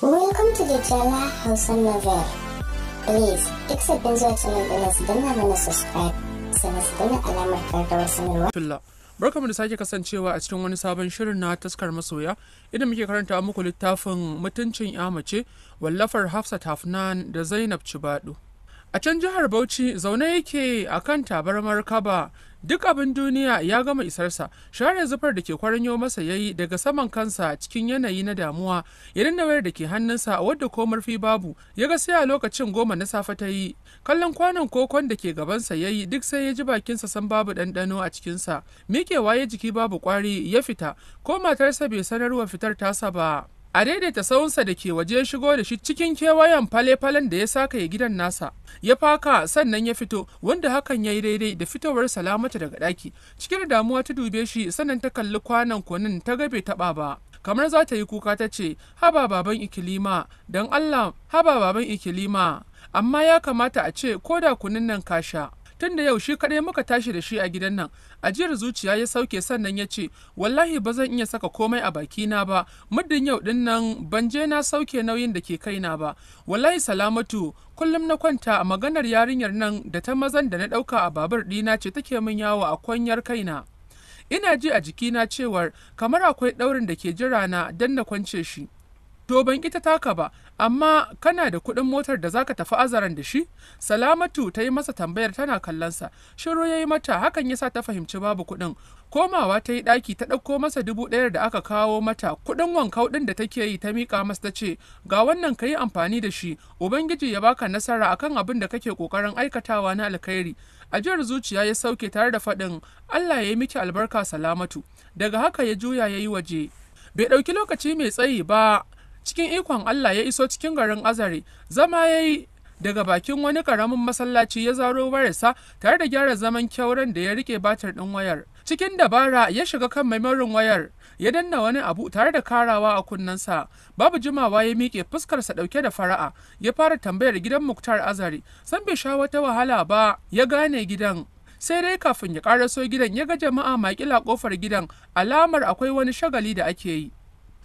Welcome to the Jella Hausa Novel. Please, duk sabbin zuwa channel da su danna mana subscribe, sannan su danna alamar karkawar sanarwa. Tulla, barka mu da sake kasancewa a cikin wani sabon shirin na taskar masoya, idan muke karanta muku littafin mutuncin ya mace, wallafar Hafsat Hafnan da Zainab Cibadu. A can jihar Bauchi zaune yake a kan tabarmar kaba duk abin duniya ya gama isarsa share zufar da ke kwaranyo masa ya yi daga saman kansa cikin yanayi na damuwa ya danna wayar da ke hannunsa wadda ko murfi babu ya ga sai a lokacin goma na safe ta yi kallon kwanon kokon da ke gabansa ya yi duk sai ya ji bakinsa san babu ɗanɗano a cikinsa miƙewa ya jiki babu kwari ya fita ko matarsa bai sanarwa fitar tasa ba a daidaita tsawonsa da ke waje shigo da shi cikin kewayen fale-falen da ya saka ya gidan nasa ya faka sannan ya fito wanda hakan ya yi daidai da fitowar salamata daga ɗaki cikin damuwa ta dube shi sannan ta kalli kwanan kunin ta gabe taɓa ba kamar za ta yi kuka ta ce haba baban ikilima don allah haba baban ikilima amma ya kamata a ce ko da kunin nan ka sha tun da yau shi kaɗai muka tashi da shi a gidan nan ajiyar zuciya ya sauke sannan ya ce wallahi ba zan iya saka komai a bakina ba muddin yau din nan ban je na sauke nauyin da ke kaina ba wallahi salamatu kullum na kwanta a maganar yarinyar nan da ta mazan da na ɗauka a babur ɗina ce take min yawo a kwanyar kaina ina ji a jikina cewar kamar akwai ɗaurin da ke jira na don na kwance shi To ban ita taka ba, amma kana da kuɗin motar da zaka tafi azaran da shi? Salamatu ta yi masa tambayar tana kallonsa. Shiru ya yi mata hakan yasa ta fahimci babu kuɗin. Komawa ta yi ɗaki ta ɗauko masa dubu ɗayar da aka kawo mata kuɗin wankau ɗin da take yi ta miƙa masa ta ce ga wannan ka yi amfani da shi Ubangiji ya baka nasara akan abin da kake ƙoƙarin aikatawa na alkhairi. Ajiyar zuciya ya sauke tare da faɗin Allah ya yi miki albarka salamatu. Daga haka ya juya ya yi waje. Bai ɗauki lokaci mai tsayi ba cikin ikon Allah ya iso cikin garin Azare zama ya yi daga bakin wani karamin masallaci ya zaro wayarsa tare da gyara zaman kyauren da ya rike batar ɗin wayar cikin dabara ya shiga kan maimarin wayar ya danna wani abu tare da karawa a kunnensa babu jimawa ya miƙe fuskarsa ɗauke da fara'a ya fara tambayar gidan muktar azare. san bai sha wata wahala ba ya gane gidan sai dai kafin ya ƙaraso gidan ya ga jama'a maƙila ƙofar gidan alamar akwai wani shagali da ake yi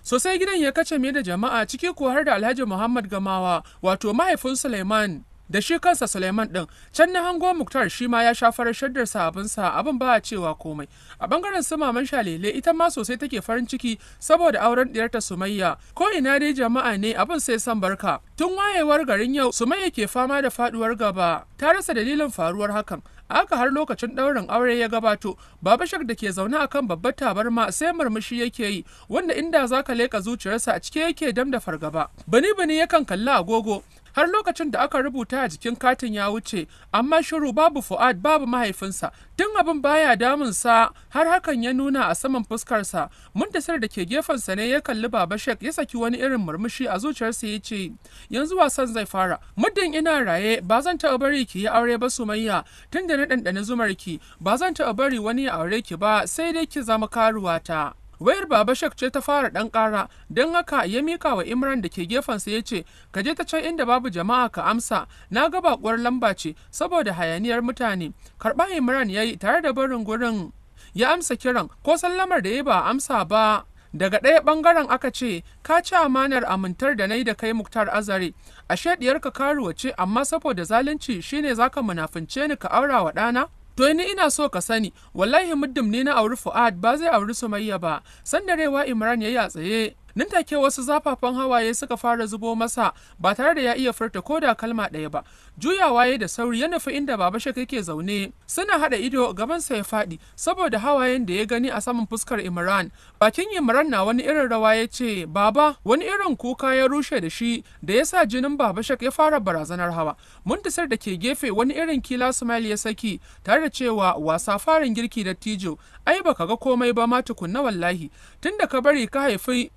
sosai gidan ya kace me da jama'a ciki ko har da alhaji muhammad gamawa wato mahaifin suleiman da shi kansa suleiman din can na hango muktar shi ma ya sha shaddar sa abin ba a cewa komai a bangaren su maman shalele ita ma sosai take farin ciki saboda auren ɗiyarta sumayya ko ina dai jama'a ne abin sai san barka tun wayewar garin yau sumayya ke fama da faduwar gaba ta rasa dalilin faruwar hakan haka har lokacin ɗaurin aure ya gabato babashak da ke zaune a kan babbar tabarma sai murmushi yake yi wanda inda zaka leƙa zuciyarsa a cike yake dam da fargaba bani bani yakan kalli agogo har lokacin da aka rubuta a jikin katin ya wuce amma shiru babu fu'ad babu mahaifinsa tun abin baya damunsa har hakan ya nuna a saman fuskarsa muntasar da ke gefensa ne ya kalli baba shek ya saki wani irin murmushi a zuciyarsa ya ce yanzu wasan zai fara muddin ina raye ba zan taɓa bari ki yi aure ba sumayya tun da na ɗanɗani zumarki ba zan taɓa bari wani ya aure ki ba sai dai ki zama karuwata. wayar baba shak ce ta fara dan kara don haka ya mika wa imran da ke gefensa ya ce ka je ta can inda babu jama'a ka amsa na ga bakuwar lamba ce saboda hayaniyar mutane karba imran ya yi tare da barin gurin ya amsa kiran ko sallamar da ya ba amsa ba daga ɗaya ɓangaren aka ce ka ci amanar amintar da na yi da kai muktar azare ashe ɗiyarka karuwa ce amma saboda zalunci shine zaka munafince ni ka aura wa ɗana To ni ina so ka sani, wallahi muddin ne na auri Fu'ad ba zai auri Sumayya ba, rewa Imran ya yi a tsaye nan take wasu zafafan hawaye suka fara zubo masa ba tare da ya iya furta ko da kalma ɗaya ba juyawa ya da sauri ya nufi inda baba shek yake zaune suna haɗa ido gabansa ya faɗi saboda hawayen da ya gani a saman fuskar imran bakin imran na wani irin rawa ya ce baba wani irin kuka ya rushe da shi da ya sa jinin baba shek ya fara barazanar hawa muntasar da ke gefe wani irin kila smile ya saki tare da cewa wasa farin girki da tijo ai baka ga komai ba ma tukunna wallahi tunda ka bari ka haifi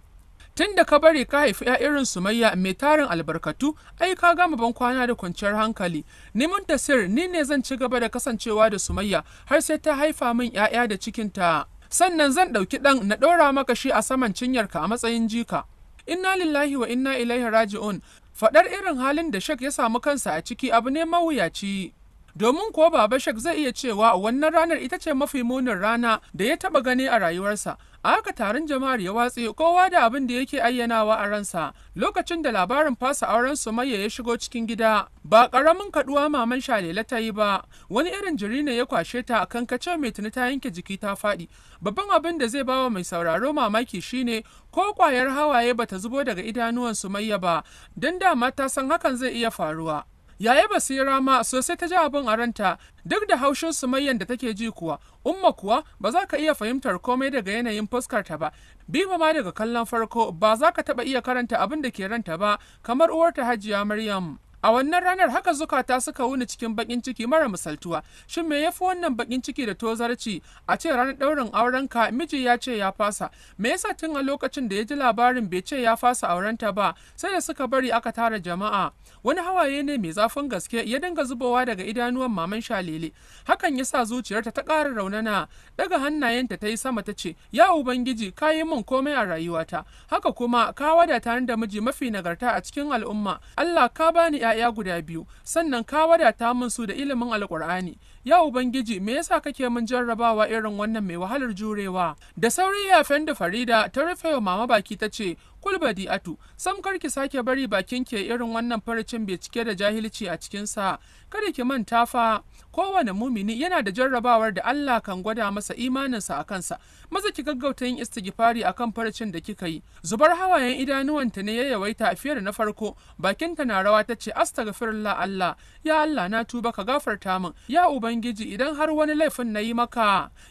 tun da ka bari ka haifi ‘ya’irin sumayya mai tarin albarkatu ai ka gama ban kwana da kwanciyar hankali ni muntasir ni ne zan ci gaba da kasancewa da sumayya har sai ta haifa min ‘ya'ya da cikinta sannan zan ɗauki ɗan na ɗora maka shi a saman cinyarka a matsayin jika inna lillahi wa inna ilaihi raji'un faɗar irin halin da shek ya samu kansa a ciki abu ne mawuyaci domin ko baba shek zai iya cewa wannan ranar ita ce mafi munin rana da ya taba gani a rayuwarsa a haka taron jama'ar ya watse kowa da abin da yake ayyanawa a ransa lokacin da labarin fasa auren sumayya ya shigo cikin gida ba karamin kaduwa maman shalela ta yi ba wani irin jiri ne ya kwashe ta a kankace mai tuni ta yanke jiki ta faɗi babban abin da zai bawa mai sauraro mamaki shine ko kwayar hawaye bata zubo daga idanuwan sumayya ba dan dama ta san hakan zai iya faruwa yaya basira ma sosai ta ji abin a ranta duk da haushin sumayyan da take ji kuwa umma kuwa ba za ka iya fahimtar komai daga yanayin fuskar ta ba bima ma daga kallon farko ba za ka taba iya karanta abin da ke ranta ba kamar uwarta hajiya maryam A wannan ranar haka zukata suka wuni cikin bakin ciki mara misaltuwa. Shin me yafi wannan bakin ciki da tozarci? A ce ranar daurin ka miji ya ce ya fasa. Me yasa tun a lokacin da ya ji labarin bai ce ya fasa aurenta ba, sai da suka bari aka tara jama'a. Wani hawaye ne mai zafin gaske ya dinga zubowa daga idanuwan maman Shalele. Hakan ya sa zuciyarta ta ƙara raunana. Daga hannayenta ta yi sama ta ce, "Ya Ubangiji, ka yi min komai a rayuwata." Haka kuma ka wadata da miji mafi nagarta a cikin al'umma. Allah ka bani ‘ya'ya guda biyu, sannan ka wadata min su da ilimin Alƙur'ani. Ya Ubangiji, me yasa kake min jarrabawa irin wannan mai wahalar jurewa? Da sauri ya fendi Farida ta rufe wa mama baki ta ce, Kulbadi atu, sam kar ki sake bari bakin ke irin wannan farcin bai cike da jahilci a cikinsa, kada ki manta fa kowane mumini yana da jarrabawar da Allah kan gwada masa imaninsa a kansa maza ki gaggauta yin istighfari kan farcin da kika yi zubar hawayen idanuwanta ne ya yawaita fiye da na farko bakinta na rawa ta ce astaghfirullah Allah ya Allah na tuba ka gafarta min ya ubangiji idan har wani laifin na yi maka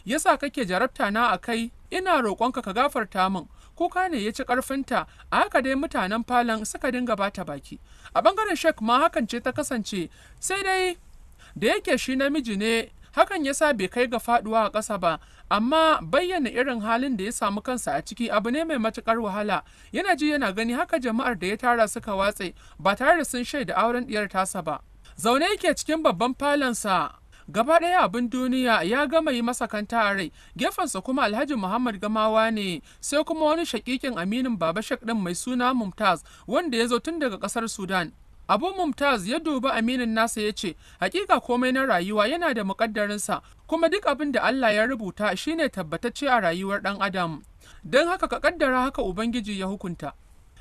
Ya yasa kake jarabta na a kai? ina roƙonka ka gafarta min kuka ne ya ci ƙarfinta, a haka dai mutanen falon suka dinga bata baki a ɓangaren shek ma hakan ce ta kasance sai dai da yake shi namiji ne hakan ya sa bai kai ga faduwa a ƙasa ba amma bayyana irin halin da ya samu kansa a ciki abu ne mai matukar wahala yana ji yana gani haka jama'ar da ya tara suka watse ba tare da sun shaida auren diyar tasa ba zaune yake cikin babban falonsa gaba ɗaya abin duniya ya gama yi masa kanta a rai gefensa kuma alhaji muhammad gamawa ne sai kuma wani shakikin aminin baba shek ɗin mai suna mumtaz wanda ya zo tun daga ƙasar sudan Abu Mumtaz ya duba aminin nasa ya ce, "Hakika komai na rayuwa yana da muƙaddarinsa, kuma duk abin da Allah ya rubuta shine tabbatacce a rayuwar ɗan Adam. Don haka ka ƙaddara haka Ubangiji ya hukunta."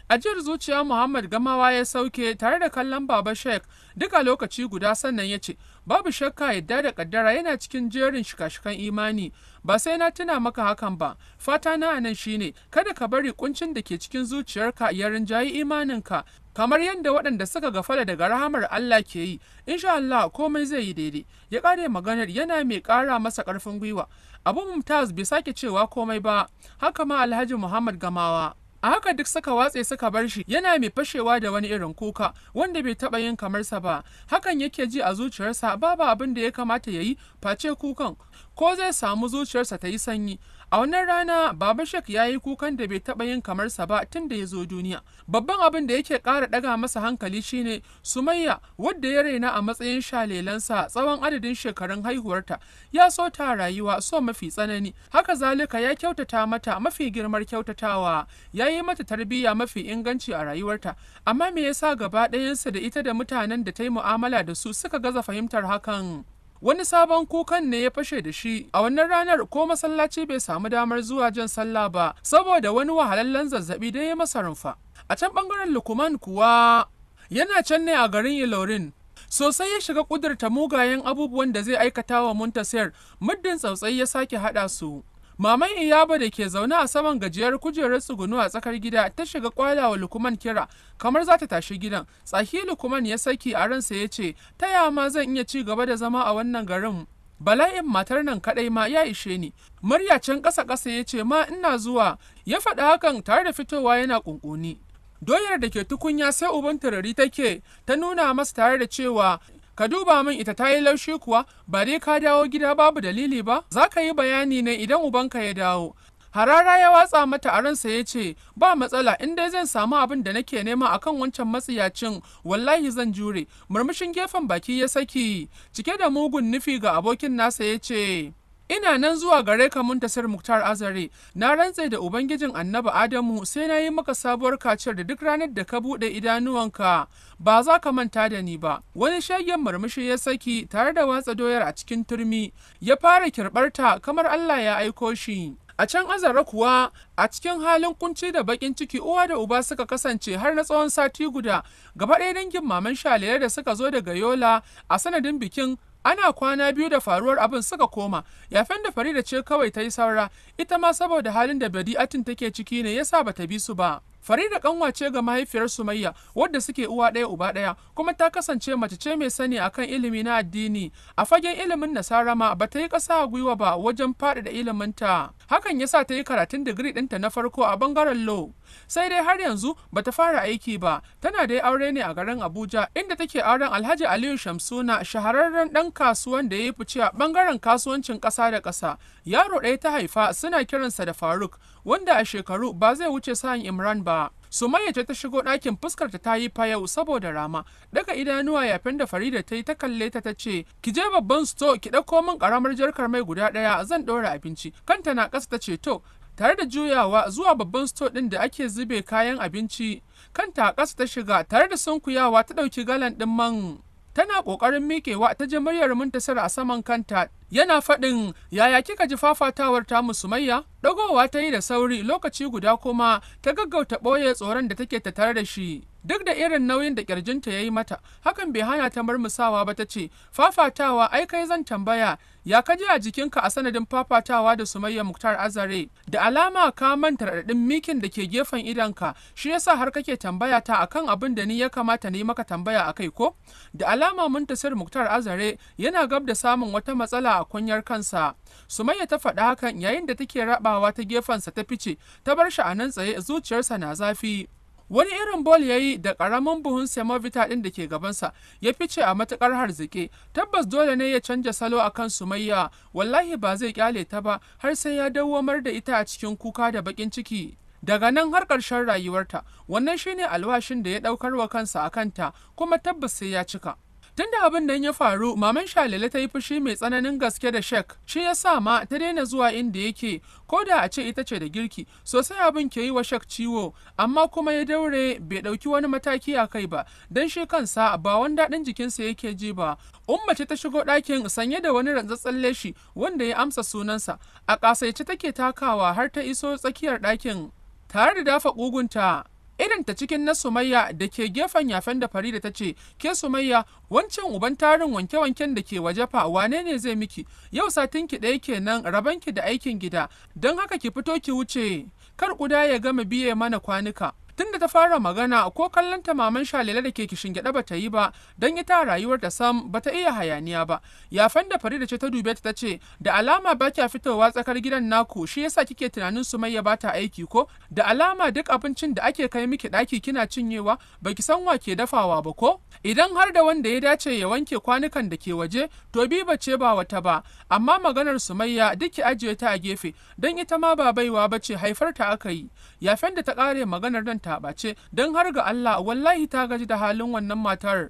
ajiyar zuciya muhammad gamawa ya sauke tare da kallon baba sheik duka lokaci guda sannan ya ce babu shakka yadda da kaddara yana cikin jerin shika-shikan imani ba sai na tuna maka hakan ba fata na anan shine kada ka bari kuncin da ke cikin zuciyarka ya rinjayi imaninka kamar yadda waɗanda suka gafala daga rahamar Allah ke yi insha Allah komai zai yi daidai ya ƙare maganar yana mai ƙara masa ƙarfin gwiwa abu mumtaz bai sake cewa komai ba haka ma alhaji muhammad gamawa a haka duk suka watse suka bar shi yana mai fashewa da wani irin kuka wanda bai taɓa yin kamarsa ba hakan yake ji a zuciyarsa babu abin da ya kamata ya yi face kukan ko zai samu zuciyarsa ta yi sanyi a wannan rana baba shek ya yi kukan da bai taɓa yin kamarsa ba tun da ya zo duniya babban abin da yake ƙara ɗaga masa hankali shine sumayya wadda ya raina a matsayin shalelansa tsawon adadin shekarun haihuwarta ya so ta rayuwa so mafi tsanani haka zalika ya kyautata mata mafi girmar kyautatawa ya yi mata tarbiyya mafi inganci a rayuwarta amma me yasa gaba ɗayansa da ita da mutanen da ta yi mu'amala da su suka gaza fahimtar hakan wani sabon kukan ne ya fashe da shi a wannan ranar ko masallaci bai samu damar zuwa jan sallah ba saboda wani wahalallen zazzabi da ya masa rumfa a can bangaren lukuman kuwa yana can ne a garin ilorin sosai ya shiga kudurta mugayen abubuwan da zai aikata wa muntasir muddin tsautsai ya sake haɗa su Maman Iyaba da ke zaune a saman gajiyar kujerar tsugunu a tsakar gida ta shiga kwalawa lukman kira kamar za ta tashi gidan. Tsaki lukman ya saki a ransa ya ce, "Ta ya ma zan iya ci gaba da zama a wannan garin bala'in matar nan kaɗai ma ya ishe ni." Murya can ƙasa-ƙasa ya ce, "Ma ina zuwa." Ya faɗa hakan tare da fitowa yana ƙunƙuni. Doyar da ke tukunya sai uban turari take ta nuna masa tare da cewa ka duba min ita ta yi laushi kuwa ba dai ka dawo gida babu dalili ba za ka yi bayani ne idan ubanka ya dawo harara ya watsa mata a ransa ya ce ba matsala in dai zan samu abin da nake nema akan wancan matsiyacin wallahi zan jure murmushin gefen baki ya saki cike da mugun nufi ga abokin nasa ya ce Ina nan zuwa gare ka muntasar Muktar Azare, na rantse da Ubangijin Annabi Adamu sai na yi maka sabuwar kaciyar da duk ranar da ka buɗe idanuwanka ba za ka manta da ni ba. Wani shagen murmushi ya saki tare da watsa doyar a cikin turmi, ya fara kirɓarta kamar Allah ya aiko shi. A can azara kuwa a cikin halin kunci da bakin ciki uwa da uba suka kasance har na tsawon sati guda gaba ɗaya dangin maman shaliya da suka zo daga Yola a sanadin bikin ana kwana biyu da faruwar abin suka koma yafen da farida ce kawai ta yi saura ita ma saboda halin da badi'atin take ciki ne yasa bata bi su ba Farida kanwa ce ga mahaifiyar Sumayya wadda suke uwa ɗaya uba ɗaya kuma ta kasance mace ce mai sani akan ilimi na addini a fagen ilimin nasara ma ba ta yi ƙasa a gwiwa ba wajen faɗaɗa ta hakan yasa ta yi karatun digiri ɗinta na farko a bangaren lo sai dai har yanzu ba ta fara aiki ba tana dai aure ne a garin Abuja inda take auren Alhaji Aliyu Shamsuna shahararren ɗan kasuwan da ya yi fice a bangaren kasuwancin ƙasa da ƙasa yaro ɗaya ta haifa suna kiransa da Faruk wanda a shekaru ba zai wuce sa'in Imran ba. Su ce ta shigo ɗakin fuskarta ta yi yau, saboda rama. Daga idanuwa yafin da Farida ta yi ta kalle ta ta ce, "Ki je babban sto ki ɗauko min ƙaramar jarkar mai guda ɗaya zan ɗora abinci." Kanta na ƙasa ta ce, "To, tare da juyawa zuwa babban sto ɗin da ake zube kayan abinci." Kanta a ƙasa ta shiga tare da sunkuyawa ta ɗauki galan ɗin man tana ƙoƙarin mikewa ta ji muryar a saman kanta yana faɗin yaya kika ji fafatawar ta musumayya ɗagowa ta yi da sauri lokaci guda kuma ta gaggauta ɓoye tsoron da take tattare da shi duk da irin nauyin da kirjinta ya yi mata hakan bai hana ta murmusawa ba ta ce fafatawa ai kai zan tambaya ya ka ji a jikinka a sanadin fafatawa da sumayya muktar azare da alama ka manta raɗaɗin mikin da ke gefen idonka shi yasa har kake tambaya ta akan abin da ni ya kamata ni maka tambaya akai ko da alama mun tasir muktar azare yana gab da samun wata matsala a kunyar kansa sumayya ta faɗa hakan yayin da take rabawa ta gefensa ta fice ta bar shi a nan tsaye zuciyarsa na zafi wani irin bol ya yi da karamin buhun semovita ɗin da ke gabansa ya fice a matukar harzike tabbas dole ne ya canja salo a kan sumayya wallahi ba zai kyale ta ba har sai ya dawwamar da ita a cikin kuka da baƙin ciki daga nan har ƙarshen rayuwarta wannan shine alwashin da ya ɗaukar wa kansa a kanta kuma tabbas sai ya cika Tun da abin da ya faru, maman Shalele ta yi fushi mai tsananin gaske da Shek, shi ya sa ma ta daina zuwa inda yake, ko da a ce ita ce da girki, sosai abin ke yi wa Shek ciwo, amma kuma ya daure bai ɗauki wani mataki a kai ba, don shi kansa ba wani daɗin jikinsa yake ji ba. ummace ta shigo ɗakin sanye da wani rantsatsen leshi wanda ya amsa sunansa, a ƙasaice take takawa har ta iso tsakiyar ɗakin. Tare da dafa ƙugunta, irin cikin na Sumayya da ke gefen yafen da Farida ta ce, "Ke Sumayya, wancan uban tarin wanke-wanken da ke waje fa wane ne zai miki? Yau satin ki ɗaya kenan rabanki da aikin gida, don haka ki fito ki wuce, kar kuda ya gama biye mana kwanuka." tun da ta fara magana ko kallon ta maman shalele da ke kishin gyada bata yi ba don ita rayuwar ta sam bata iya hayaniya ba yafan da farida ce ta dube ta ce da alama ba kya fitowa tsakar gidan naku shi yasa kike tunanin sumayya ba ta aiki ko da alama duk abincin da ake kai miki daki kina cinyewa baki san wa ke dafawa ba ko idan har da wanda ya dace ya wanke kwanukan da ke waje to ba ce ba wata ba amma maganar sumayya duk ki ajiye ta a gefe don ita ma ba baiwa bace haifar ta aka yi yafen da ta kare maganar nan ta ce don har ga Allah wallahi ta gaji da halin wannan matar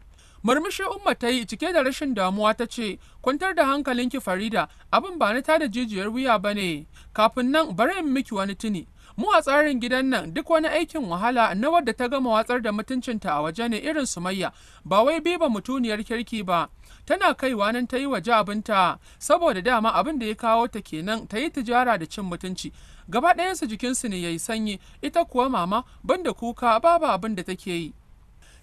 murmushi umma ta yi cike da rashin damuwa ta ce kwantar da hankalinki farida abin ba na da jijiyar wuya ba ne kafin nan bari in miki wani tuni mu a tsarin gidan nan duk wani aikin wahala na wadda ta gama watsar da mutuncinta a waje ne irin su mayya ba wai biba mutuniyar kirki ba tana kaiwa nan ta yi waje abinta saboda dama abin da ya kawo ta kenan ta yi tijara da cin mutunci gaba ɗayansu jikinsu ne ya yi sanyi ita kuwa mama banda kuka babu abin da take yi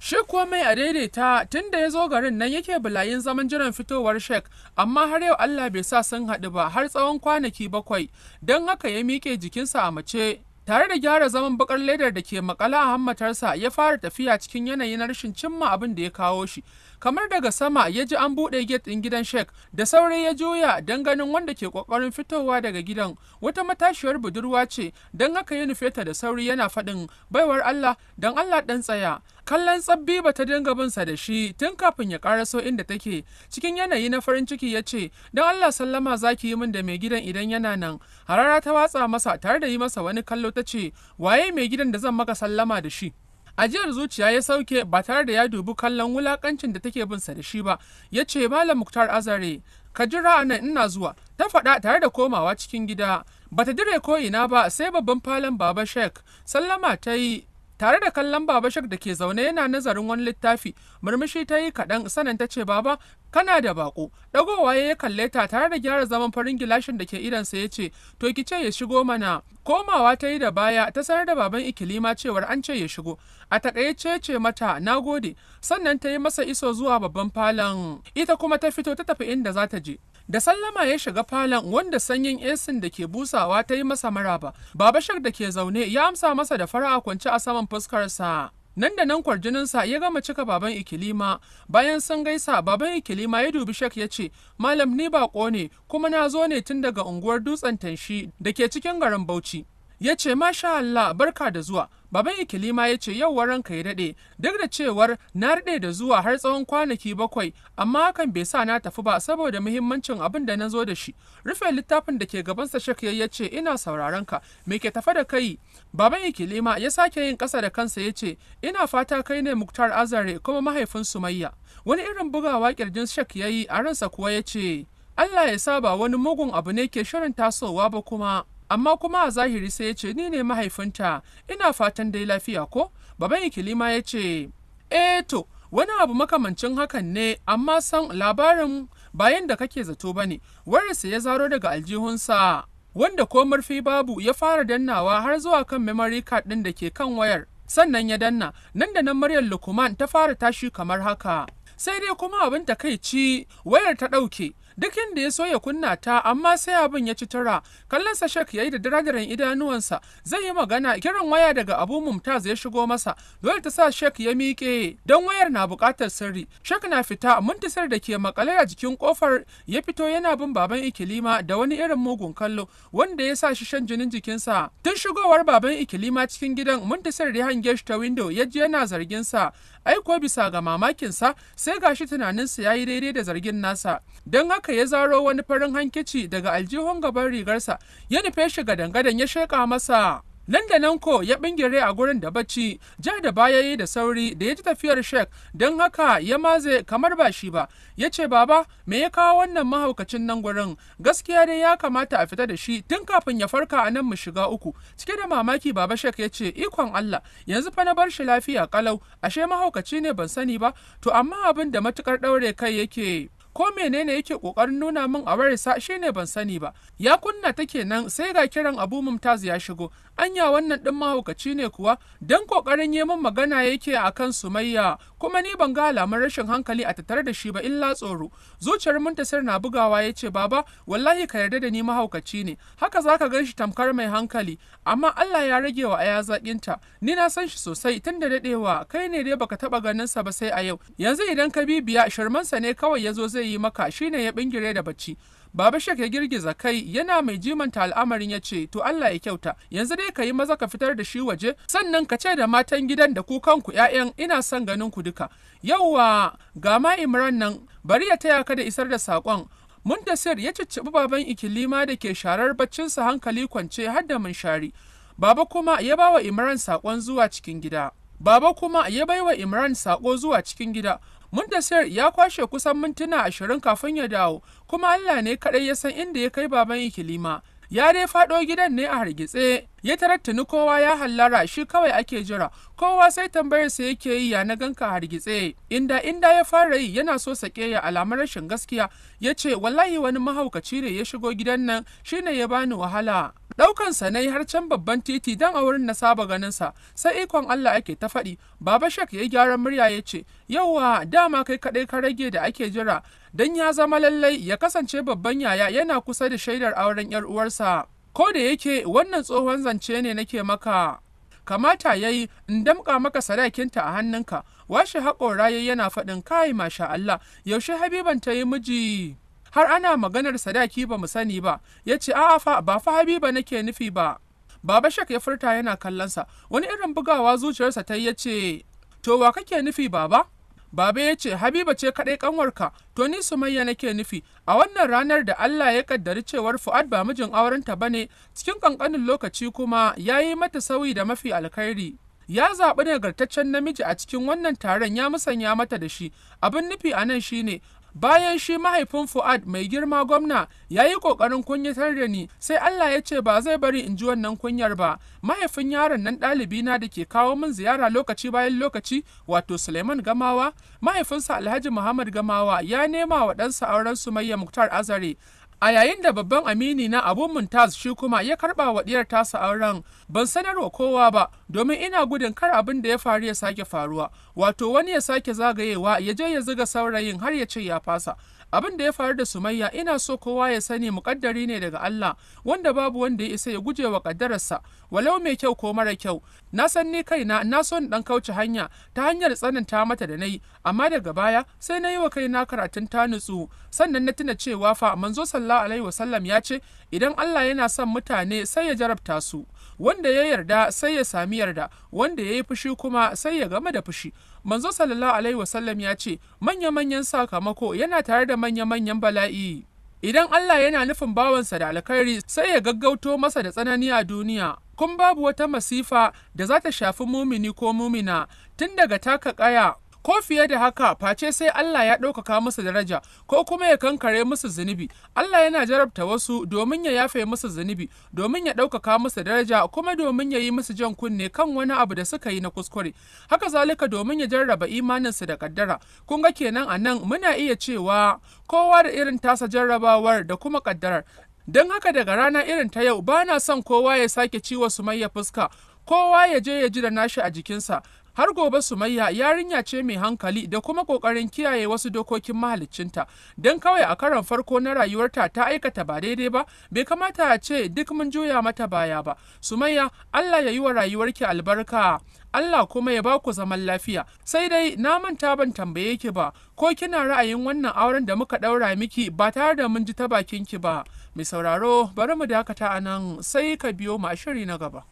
Shi kuwa mai a daidaita tun da ya zo garin nan yake bulayin zaman jiran fitowar shek amma har yau Allah bai sa sun haɗu ba har tsawon kwanaki bakwai, don haka ya miƙe jikinsa a mace. Tare da gyara zaman bakar ledar da ke makala a hammatarsa ya fara tafiya cikin yanayi na rashin cimma abin da ya kawo shi. Kamar daga sama ya ji an buɗe gate ɗin gidan shek da sauri ya juya don ganin wanda ke ƙoƙarin fitowa daga gidan. Wata matashiyar budurwa ce, don haka ya nufe da sauri yana faɗin baiwar Allah don Allah ɗan tsaya. kallon tsabbi ba ta dinga sa da shi tun kafin ya karaso inda take cikin yanayi na farin ciki ya ce don allah sallama za ki yi min da mai gidan idan yana nan harara ta watsa masa tare da yi masa wani kallo ta ce waye mai gidan da zan maka sallama da shi ajiyar zuciya ya sauke ba tare da ya dubi kallon wulakancin da take bin sa da shi ba ya ce malam muktar azare ka jira a nan ina zuwa ta faɗa tare da komawa cikin gida bata dire ko ina ba sai babban falon baba shek sallama ta yi tare da kallon baba shak da ke zaune yana nazarin wani littafi murmushi ta yi kaɗan sanan ta ce baba kana da bako dagowa ya kalle ta tare da gyara zaman farin gilashin da ke sa ya ce to ki ce ya shigo mana komawa ta yi da baya ta sanar da baban ikilima cewar an ce ya shigo a takaice ce mata na gode sannan ta yi masa iso zuwa babban falon ita kuma ta fito ta tafi inda za ta je da sallama ya shiga falon wanda sanyin esin da ke busawa ta yi masa maraba baba shak da ke zaune ya amsa masa da fara kwance a saman fuskarsa nan da nan kwarjininsa ya gama cika baban ikilima bayan sun gaisa baban ikilima ya dubi shak ya ce malam ni bako ne kuma na zo ne tun daga unguwar dutsen tanshi da ke cikin garin bauchi ya ce masha Allah barka da zuwa Baban Ikilima ya ce yau ka ya daɗe duk da cewar na daɗe da zuwa har tsawon kwanaki bakwai amma hakan bai sa na tafi ba saboda muhimmancin abin da na zo da shi. Rufe littafin da ke gabansa shak ya ce ina sauraron ka me ke tafa da kai. Baban Ikilima ya sake yin ƙasa da kansa ya ce ina fata kai ne Muktar Azare kuma mahaifin Sumayya. Wani irin bugawa kirjin shak ya a ransa kuwa ya ce Allah ya saba wani mugun abu ne ke shirin tasowa ba kuma. amma kuma a zahiri sai ya ce ni ne mahaifinta ina fatan dai lafiya ko baban ikilima ya ce eh to wani abu makamancin hakan ne amma san labarin bayan da kake zato ba ne warisa ya zaro daga aljihunsa wanda ko murfi babu ya fara dannawa har zuwa kan memory card ɗin da ke kan wayar sannan ya danna nan da nan muryar lukman ta fara tashi kamar haka sai dai kuma abin takaici wayar ta ɗauke duk inda ya so ya kunna ta amma sai abin ya ci tura kallon sa shek yayi da diradiran idanuwansa zai yi magana kiran waya daga abu mumtaz ya shigo masa dole ta sa shek ya miƙe don wayar na buƙatar sirri shek na fita muntasar da ke makale a jikin kofar ya fito yana bin baban ikilima da wani irin mugun kallo wanda ya sa shi shan jinin jikinsa tun shigowar baban ikilima cikin gidan muntasar ya hange shi ta window ya ji yana zargin sa aiko bisa ga mamakinsa sai gashi tunaninsa ya yi daidai da zargin nasa don haka ya zaro wani farin hankici daga aljihun gaban rigarsa ya nufe shi gadangadan ya sheƙa masa nan da nan ko ya bingire a gurin da bacci ja da baya yi da sauri da ya ji tafiyar shek don haka ya maze kamar ba shi ba ya ce baba me ya kawo wannan mahaukacin nan gurin gaskiya dai ya kamata a fita da shi tun kafin ya farka a nan mu shiga uku cike da mamaki baba shek ya ce ikon Allah yanzu fa na bar shi lafiya kalau ashe mahaukaci ne ban sani ba to amma abin da matukar daure kai yake ko menene yake kokarin nuna min a warisa shine ban sani ba ya kunna take nan sai ga kiran Abu Mumtaz ya shigo anya wannan ɗin mahaukaci ne kuwa don ƙoƙarin yi min magana yake a kan sumayya kuma ni ban ga alamun rashin hankali a tattare da shi ba illa tsoro zuciyar muntasir na bugawa ya ce baba wallahi ka yarda da ni mahaukaci ne haka za ka gan shi tamkar mai hankali amma allah ya rage wa aya zaƙinta ni na san shi sosai tun da daɗewa kai ne dai baka taɓa sa ba sai a yau yanzu idan ka bibiya shirmansa ne kawai ya zo zai yi maka shine ya bingire da bacci Baba Shek ya girgiza kai yana mai jimanta al'amarin ya ce, To Allah ya kyauta, yanzu dai ka yi maza ka fitar da shi waje, sannan ka ce da matan gidan da ku kanku ‘ya'yan ina son ganin ku duka. Yauwa ga ma Imran nan bari ya taya ka da isar da saƙon. Muntasir ya cicciɓi baban ikilima da ke sharar baccinsa hankali kwance har da munshari. Baba kuma ya bawa Imran saƙon zuwa cikin gida. Baba kuma ya baiwa Imran saƙo zuwa cikin gida, Muntasir ya kwashe kusan mintuna 20 kafin ya dawo, kuma Allah ne kaɗai ya san inda ya kai baban Ikilima. ya dai faɗo gidan ne a hargitse ya tarattani kowa ya hallara shi kawai ake jira kowa sai tambayarsa yake yi ya na ganka hargitse inda inda ya fara yi yana so sake ya alamar rashin gaskiya ya ce wallahi wani mahaukaci ne ya shigo gidan nan shi ne ya bani wahala daukan sa nayi har can babban titi dan a wurin na saba ganin sa sai ikon Allah ake ta faɗi baba shak ya gyara murya ya ce yauwa dama kai kaɗai ka rage da ake jira don ya zama lallai ya kasance babban yaya yana kusa da shaidar auren 'yar uwarsa. Ko da yake wannan tsohon zance ne nake maka, kamata ya yi in damƙa maka sadakinta a hannunka, washe haƙora ya yana faɗin kai masha Allah, yaushe Habiban ta yi miji. Har ana maganar sadaki ba mu sani ba, ya ce a'a fa ba fa Habiba nake nufi ba. Baba Shak ya furta yana kallonsa, wani irin bugawa zuciyarsa ta yi ya ce, To wa kake nufi baba? Baba ya ce, Habiba ce kaɗai ƙanwarka, to ni Sumayya nake nufi, a wannan ranar da Allah ya kaddari cewar Fu'ad ba mijin aurenta ba ne, cikin ƙanƙanin lokaci kuma ya yi mata sauyi da mafi alkhairi. Ya zaɓi nagartaccen namiji a cikin wannan taron ya musanya mata da shi, abin nufi a nan shine bayan shi mahaifin Fuad mai girma gwamna ya yi ƙoƙarin kunyatar da ni sai Allah ya ce ba zai bari in ji wannan kunyar ba mahaifin yaron nan ɗalibi na da ke kawo min ziyara lokaci bayan lokaci wato Suleiman Gamawa mahaifinsa Alhaji Muhammad Gamawa ya nema wa ɗansa auren su Sumayya Muktar Azare a yayin da babban amini na abu muntaz shi kuma ya karba wa diyar tasa auren ban sanarwa kowa ba domin ina gudun kar abin da ya faru ya sake faruwa wato wani ya sake zagayewa ya je ya zuga saurayin har ya ce ya fasa abin da ya faru da sumayya ina so kowa ya sani muƙaddari ne daga Allah wanda babu wanda ya isa ya guje wa ƙaddararsa walau mai kyau ko mara kyau na san ni kaina na so in dan kauce hanya ta hanyar tsananta mata da nayi amma daga baya sai na yi wa kaina karatun ta nutsu sannan na tuna cewa fa manzo sallallahu alaihi wasallam ya ce idan Allah yana son mutane sai ya jarabta su wanda ya yarda sai ya sami yarda wanda ya yi fushi kuma sai ya gama da fushi manzo sallallahu alaihi wasallam ya ce manya-manyan sakamako yana tare da manya-manyan bala'i idan Allah yana nufin bawansa da alkhairi sai ya gaggauto masa da tsanani a duniya kun babu wata masifa da za ta shafi mumini ko mumina tun daga taka ƙaya ko fiye da haka face sai Allah ya ɗaukaka musu daraja ko kuma ya kankare musu zunubi Allah yana jarabta wasu domin ya yafe musu zunubi domin ya ɗaukaka musu daraja kuma domin ya yi musu jan kunne kan wani abu da suka yi na kuskure haka zalika domin ya jarraba imaninsu da kaddara kun ga kenan a nan muna iya cewa kowa da irin tasa jarrabawar da kuma kaddarar don haka daga rana irin ta yau ba na son kowa ya sake ciwo ya fuska kowa ya je ya ji da nashi a jikinsa har gobe sumayya yarinya ce mai hankali da kuma kokarin kiyaye wasu dokokin mahaliccinta don kawai a karon farko na rayuwarta ta aikata ba daidai ba bai kamata a ce duk mun juya mata baya ba sumayya allah ya yi wa rayuwarki albarka Allah kuma ya baku zaman lafiya sai dai na manta ban tambaye ki ba ko kina ra'ayin wannan auren da muka daura miki ba tare da mun ji ta bakin ki ba mai sauraro bari mu dakata anan sai ka biyo mu a shiri na gaba